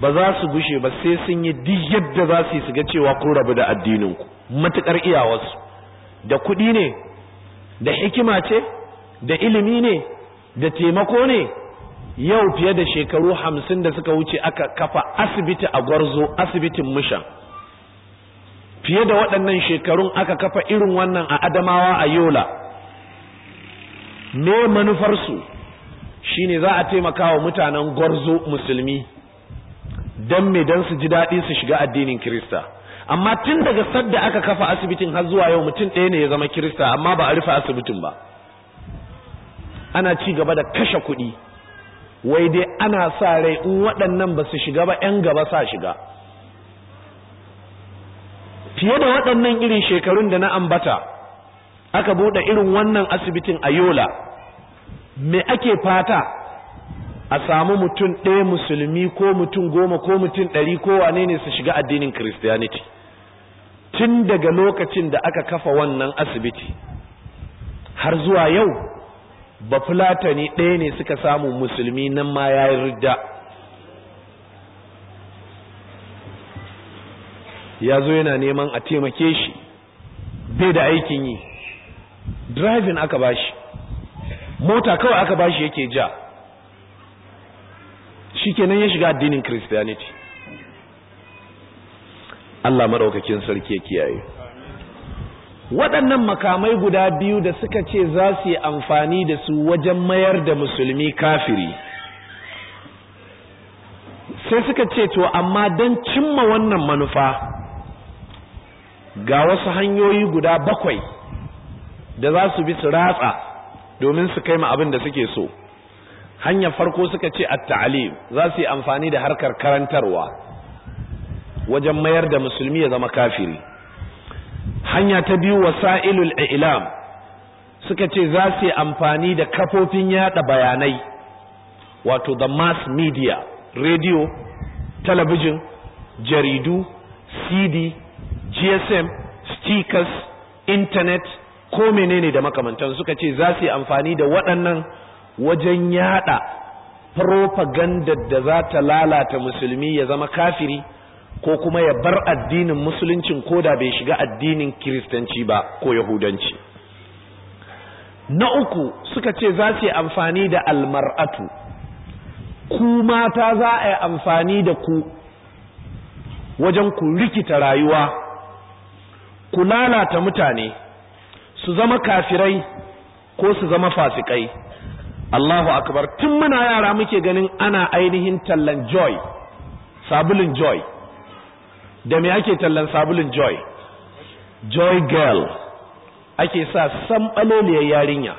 ba za su gushe ba sai sun yi duk yadda za su yi su ga cewa kun rabu da addinin addininku matukar iyawarsu da kuɗi ne da hikima ce da ilimi ne da taimako ne yau fiye da shekaru hamsin da suka wuce aka kafa asibiti a gwarzo asibitin Mushan, fiye da waɗannan shekarun aka kafa irin wannan a adamawa a yola ne manufarsu shine za a taimaka wa mutanen gwarzo musulmi don me don su ji daɗi su shiga addinin kirista amma tun daga sadda aka kafa asibitin har zuwa yau mutum ɗaya ne ya zama kirista amma ba a rufe asibitin ba ana ci gaba da kashe kuɗi wai dai ana sa rai in waɗannan ba su shiga ba 'yan gaba sa shiga fiye da waɗannan irin shekarun da na ambata aka buɗe irin wannan asibitin a yola me ake fata a samu mutum ɗaya musulmi ko mutum goma ko mutum ɗari ko wane ne su shiga addinin Kiristiyaniti. tun daga lokacin da aka kafa wannan asibiti har zuwa yau ba fulatani ɗaya ne suka samu musulmi nan ma ya yi rida ya zo yana neman a taimake shi bai da aikin yi driving aka bashi mota kawai aka bashi yake ja shi kenan ya shiga addinin christianity Allah maraukakin sarki ya kiyaye waɗannan makamai guda biyu da suka ce za su yi amfani da su wajen mayar da musulmi kafiri sai suka ce to amma don cimma wannan manufa ga wasu hanyoyi guda bakwai da za su bi su ratsa domin su kai ma abin da suke so hanyar farko suka ce at taalim za su yi amfani da harkar karantarwa wajen mayar da musulmi ya zama kafiri hanya ta biyu wasailul i'lam suka ce za su yi amfani da kafofin yada bayanai wato the mass media radio talabijin jaridu cd gsm stickers internet ko menene da makamantan suka ce za su yi amfani da waɗannan wajen yada propaganda da za ta lalata musulmi ya zama kafiri ko kuma ya bar addinin musuluncin ko da bai shiga addinin kiristanci ba ko yahudanci na uku suka ce za su yi amfani da almar'atu ku mata za a yi amfani da ku wajen ku rikita rayuwa ku lalata mutane su zama kafirai ko su zama fasikai Allahu akbar tun muna yara muke ganin ana ainihin tallan joy sabulin joy da me ake tallan sabulin joy joy girl ake sa samɓaloliyar yarinya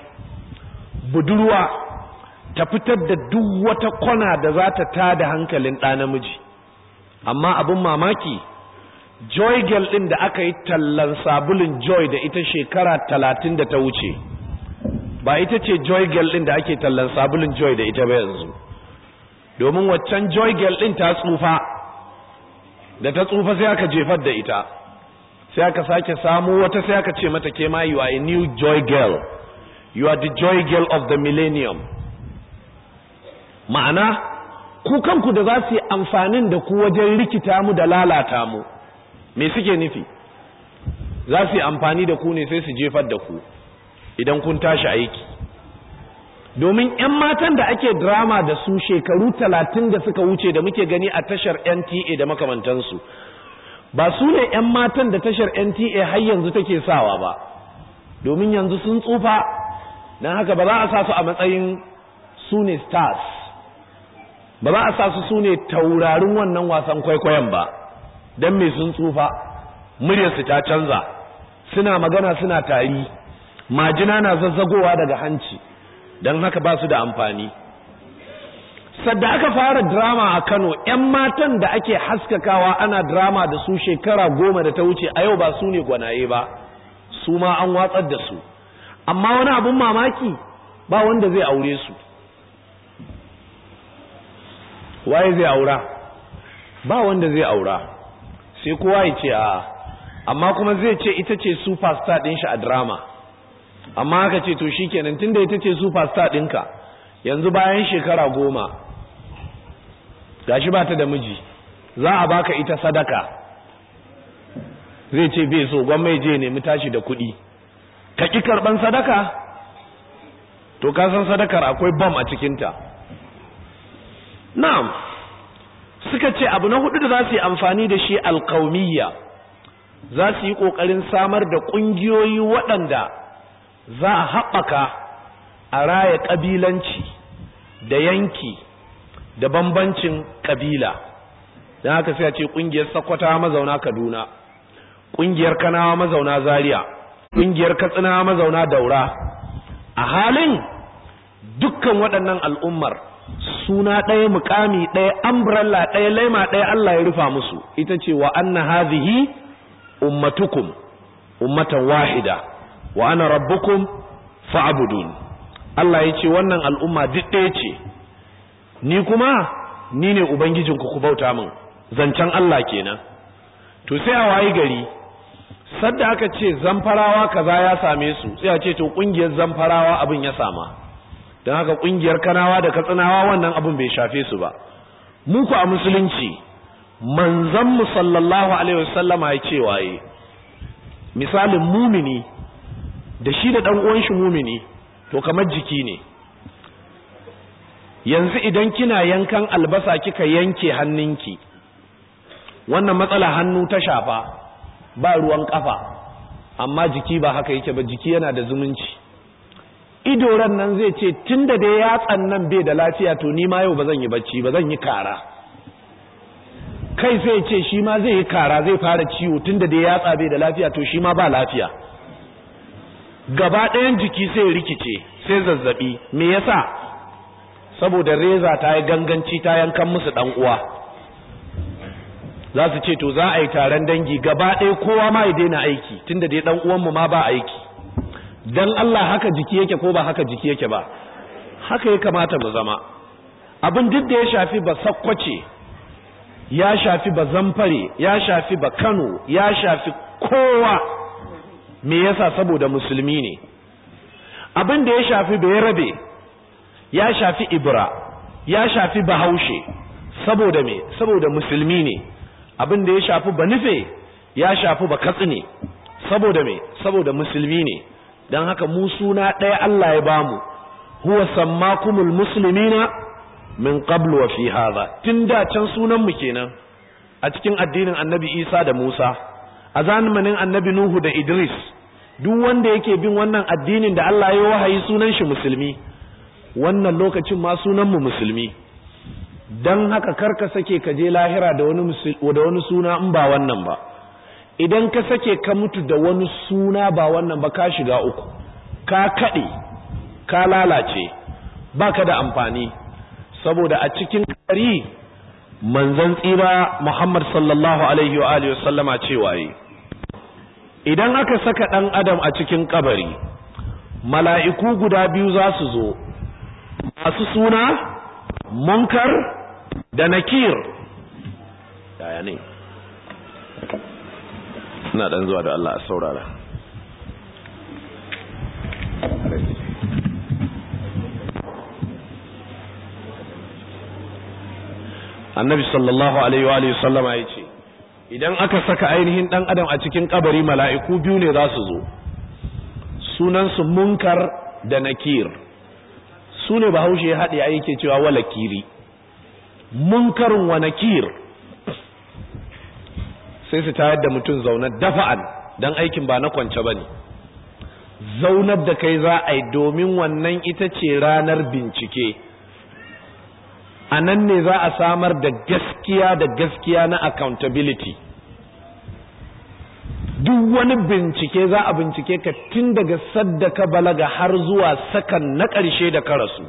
budurwa ta fitar da duk wata kona da za ta da hankalin ɗa namiji amma abin mamaki joy girl ɗin da aka yi tallan sabulin joy da ita shekara talatin da ta wuce ba ita ce joy girl ɗin da ake tallan sabulin joy da ita ba yanzu domin waccan joy girl ɗin ta tsufa da ta tsufa sai aka jefar da ita sai aka sake samu wata sai aka ce mata ke ma you are a new joy girl you are the joy girl of the millennium ma'ana ku kanku da za su yi amfanin da ku wajen rikita mu da lalata mu me suke nufi za su yi amfani da ku ne sai su jefar da ku idan kun tashi aiki domin 'yan matan da ake drama da su shekaru talatin da suka wuce da muke gani a tashar nta da makamantansu ba su ne 'yan matan da tashar nta har yanzu take sawa ba domin yanzu sun tsufa don haka ba za a sa su a matsayin su ne stars ba za a sa su su ne taurarin wannan wasan kwaikwayon ba don me sun tsufa muryarsu ta canza suna magana suna tari majina na zazzagowa daga hanci don haka ba su da amfani sadda aka fara drama a kano 'yan matan da ake haskakawa ana drama da su shekara goma da ta wuce a yau ba su ne gwanaye ba su ma an watsar da su amma wani abun mamaki ba wanda zai aure su waye zai aura ba wanda zai aura sai kowa ya ce a amma kuma zai ce ita ce superstar din shi a drama amma aka ce to shi shikenan tunda ita ce superstar dinka yanzu bayan shekara goma gashi ba ta da miji za a baka ita sadaka zai ce bai so gwamnati je mu tashi da kuɗi ka ki karɓan sadaka to ka san sadakar akwai bam a cikinta na'am suka ce abu na hudu da za su yi amfani da shi alkaumiyya za su yi ƙoƙarin samar da ƙungiyoyi waɗanda za a haɓaka a raya ƙabilanci da yanki da bambancin ƙabila don haka sai a ce ƙungiyar sakwata mazauna kaduna ƙungiyar kanawa mazauna zaria ƙungiyar katsina mazauna daura a halin dukkan waɗannan al'ummar suna ɗaya mukami ɗaya umbrella ɗaya laima ɗaya Allah ya rufa musu ita ce wa anna hazihi ummatukum ummatan wahida wa ana rabbukum fa'budun Allah ya ce wannan al'umma duk ya ce ni kuma ni ne ubangijinku ku bauta min zancen Allah kenan to sai a wayi gari sadda aka ce zamfarawa kaza ya same su sai a ce to kungiyar zamfarawa abin ya sama don haka kungiyar kanawa da katsinawa wannan abin bai shafe su ba muku a musulunci manzon mu sallallahu alaihi wasallama ya ce waye misalin mumini da shi da dan uwan shi mumini to kamar jiki ne yanzu idan kina yankan albasa kika yanke hannunki wannan matsala hannu ta shafa ba ruwan ƙafa, amma jiki ba haka yake ba jiki yana da zumunci idoran nan zai ce tun da dai yatsan nan bai da lafiya to ni ma yau ba zan yi bacci ba zan yi kara kai sai ce shi ma zai yi kara zai fara ciwo tun da dai yatsa bai da lafiya to shi ma ba lafiya gaba ɗayan jiki sai rikice sai zazzabi me yasa saboda reza ta yi ganganci ta yankan musu ɗan uwa za su ce to za a yi taron dangi gaba ɗaya kowa ma ya daina aiki tunda dai ɗan uwanmu ma ba aiki dan Allah haka jiki yake ko ba haka jiki yake ba haka ya kamata mu zama abin duk da ya shafi ba sakkwace ya shafi ba zamfare ya shafi ba Kano ya shafi kowa me yasa saboda musulmi ne abin da ya shafi bayarabe ya shafi ibra ya shafi bahaushe saboda me saboda musulmi ne abin da ya shafi banife ya shafi bakatsi ne saboda me saboda musulmi ne don haka mu suna ɗaya Allah ya bamu huwa sammakumul muslimina min qablu wa fi hadha tun da can sunan mu kenan a cikin addinin annabi Isa da Musa a zamanin annabi nuhu da idris duk wanda yake bin wannan addinin da Allah ya wahayi sunan shi musulmi wannan lokacin ma sunan mu musulmi dan haka karka sake ka je lahira da wani da wani suna in ba wannan ba idan ka sake ka mutu da wani suna ba wannan ba ka shiga uku ka kade ka lalace baka da amfani saboda a cikin kari manzon tsira Muhammad sallallahu alaihi wa alihi wasallama cewa yi idan aka saka ɗan adam a cikin kabari mala'iku guda biyu za su zo masu suna munkar da nakir yaya ne ina ɗan zuwa da Allah a saurara annabi sallallahu alaihi wa sallama ya ce idan aka saka ainihin dan adam a cikin ƙabari, mala'iku biyu ne za su zo sunansu munkar da nakir su ne bahaushe ya haɗe a yake cewa wala kiri munkarin wa nakir sai su tayar da mutum zaunar dafa'an don aikin ba na kwance ba ne zaunar da kai za a yi domin wannan ita ce ranar bincike a nan ne za a samar da gaskiya da gaskiya na accountability duk wani bincike za a bincike ka tun daga sadda ka balaga har zuwa sakan na ƙarshe da ka rasu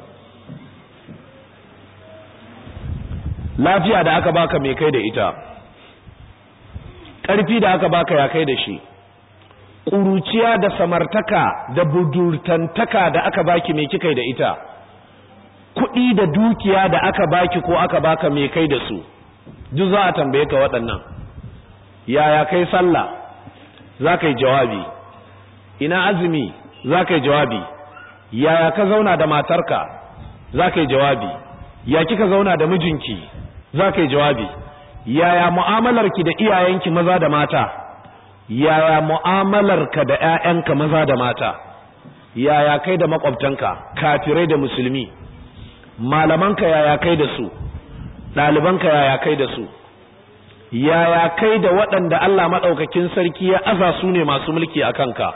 lafiya da aka baka mai kai da ita ƙarfi da aka baka ya kai da shi ƙuruciya da samartaka da budurtantaka da aka baki mai kikai da ita kuɗi da dukiya da aka baki ko aka baka mai kai da su duk za a tambaye ka waɗannan yaya kai sallah za ka yi jawabi ina azumi za ka yi jawabi yaya ka zauna da matarka za ka yi jawabi ya kika zauna da mijinki za ka yi jawabi yaya mu'amalarki da iyayenki maza da mata yaya mu'amalarka da 'ya'yanka maza da mata yaya kai da makwabtanka kafirai da musulmi malamanka yaya kai da su ɗalibanka yaya kai da su yaya kai da waɗanda Allah maɗaukakin sarki ya aza su ne masu mulki a kanka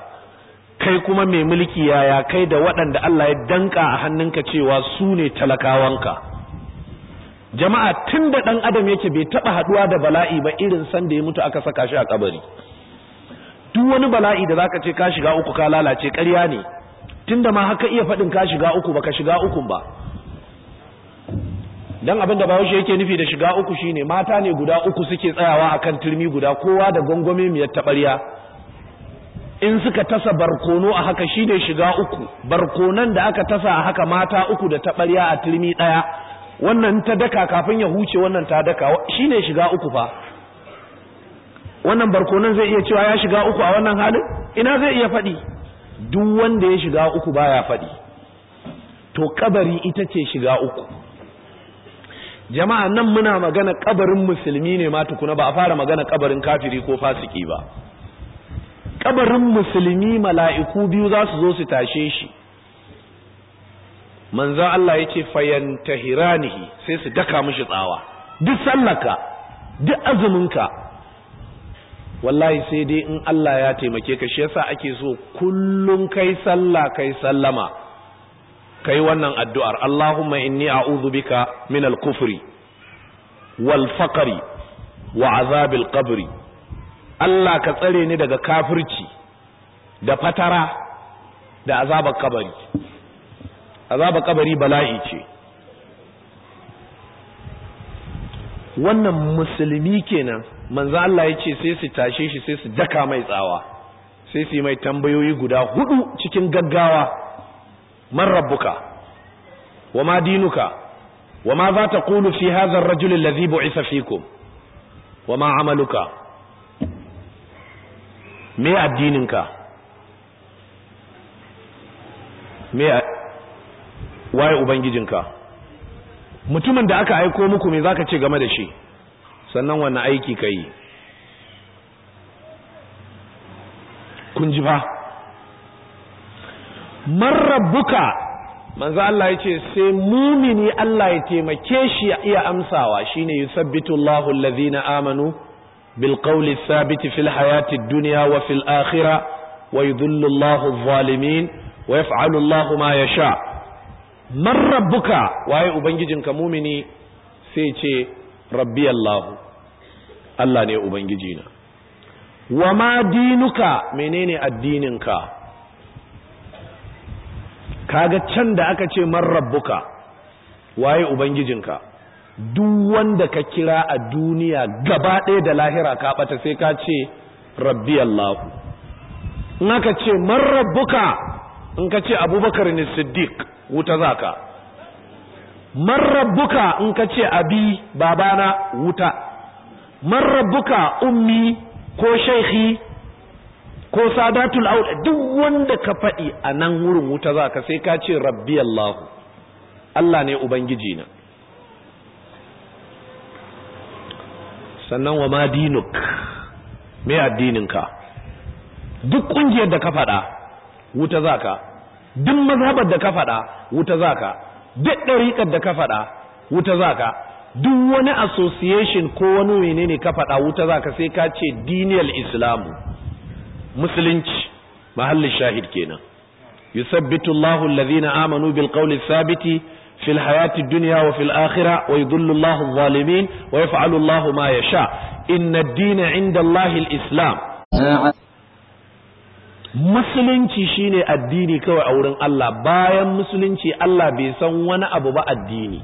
kai kuma mai mulki yaya kai da waɗanda Allah ya danka a hannunka cewa su ne talakawanka jama'a tun da ɗan adam yake bai taɓa haɗuwa da bala'i ba irin sanda ya mutu aka saka shi a kabari duk wani bala'i da za ka ce ka shiga uku ka lalace ƙarya ne Tun da ma haka iya faɗin ka shiga uku ba ka shiga ukun ba dan abin da bahaushe yake nufi da shiga uku shine mata ne guda uku suke tsayawa akan turmi guda kowa da mu miyar taɓarya in suka tasa barkono a haka shine shiga uku barkonan da aka tasa a haka mata uku da taɓarya a turmi ɗaya wannan ta daka kafin ya huce wannan ta daka shine shiga uku fa wannan barkonan zai iya cewa ya shiga uku a wannan halin ina zai iya faɗi duk wanda ya shiga uku baya faɗi to kabari ita ce shiga uku jama'a nan muna magana kabarin musulmi ne ma tukuna ba a fara magana kabarin kafiri ko fasiki ba kabarin musulmi mala'iku biyu za su zo su tashe shi manzan Allah ya ce fayantahiranihi sai su daka mishi tsawa duk sallaka duk azuminka wallahi sai dai in Allah ya taimake ka shi yasa ake so kullum kai sallah kai sallama kai wannan addu'ar Allahumma inni a'udhu bika min al-kufri wal faqri wa azabil qabri Allah ka tsare ni daga kafirci da fatara da azabar kabari azabar kabari bala'i ce wannan musulmi kenan manzo Allah yace sai su tashe shi sai su daka mai tsawa sai su yi mai tambayoyi guda hudu cikin gaggawa man rabbuka wa ma dinuka wa ma za ta kulu fi hadha ar-rajul alladhi bu'itha wa ma amaluka me addininka waye ubangijinka mutumin da aka aiko muku me zaka ce game da shi sannan wannan aiki kai kun ji ba marrabbuka rabbuka manzo Allah yace sai mumini Allah ya taimake shi ya iya amsawa shine yusabbitu Allahu alladhina amanu bil qawli thabiti fil hayati dunya wa fil akhirah wa yudhillu Allahu adh-dhalimin wa yaf'alu Allahu ma yasha man rabbuka waye ubangijinka mumini sai ce rabbi Allahu. Allah ne ubangijina wa ma dinuka menene addininka kaga can da aka ce man rabbuka waye ubangijinka duk wanda ka kira a duniya gaba ɗaya da lahira ka ɓata sai ka ce rabbi Allah in aka ce man rabbuka in ka ce abubakar ne siddiq wuta ka man rabbuka in ka ce abi babana wuta man rabbuka ummi ko shaikhi ko sadatul auda duk wanda ka faɗi a nan wurin wuta za ka sai ka ce rabbi Allah Allah ne ubangiji na sannan wa ma dinuk me addininka duk kungiyar da ka faɗa wuta za ka duk mazhabar da ka faɗa wuta za ka duk ɗariƙar da ka faɗa wuta za ka duk wani association ko wani menene ka faɗa wuta za ka sai ka ce diniyar islamu musulunci mahallin shahid kenan yusabbitu Allahu allazina amanu bil qawli thabiti fil hayati dunya wa fil akhirah wa yudhillu Allahu wa yaf'alu Allahu ma yasha inna ad-dina 'inda Allahi al-islam musulunci shine addini kawai a wurin Allah bayan musulunci Allah bai san wani abu ba addini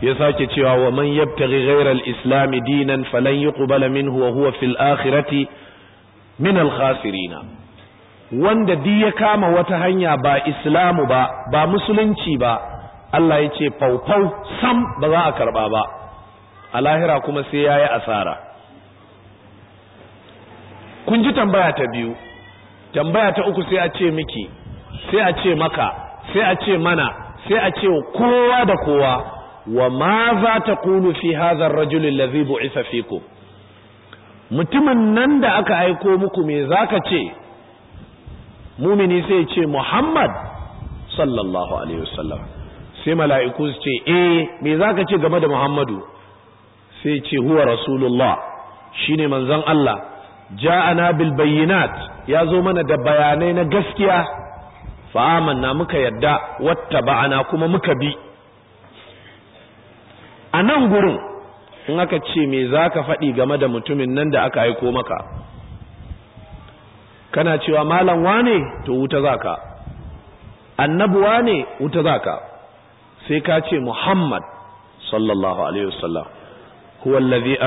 ya sake cewa wa man yabtaghi ghayra al-islam dinan falan yuqbal minhu wa huwa fil akhirati min al-khasirin wanda di ya kama wata hanya ba islamu ba ba musulunci ba Allah yace ce faufau sam ba za a karba ba a lahira kuma sai yayi asara kun ji tambaya ta biyu tambaya ta uku sai a ce miki sai a ce maka sai a ce mana sai a ce kowa da kowa wa ma za ta kulu fi hazar rajulun lazi bu'isa fikum mutumin nan da aka aiko muku me za ka ce mumini sai ce muhammad sallallahu alaihi wasallam sai mala'iku su ce eh me za ka ce game da muhammadu sai ce huwa rasulullah shine manzon Allah ja bil bilbayinat ya zo mana da bayanai na gaskiya Fa'amanna muka yadda ba'ana kuma muka bi a nan gurin in aka ce me za ka faɗi game da mutumin nan da aka aiko maka kana cewa malam wane to wuta za ka annabuwa wane wuta za ka sai ka ce muhammad sallallahu alaihi wasallam huwa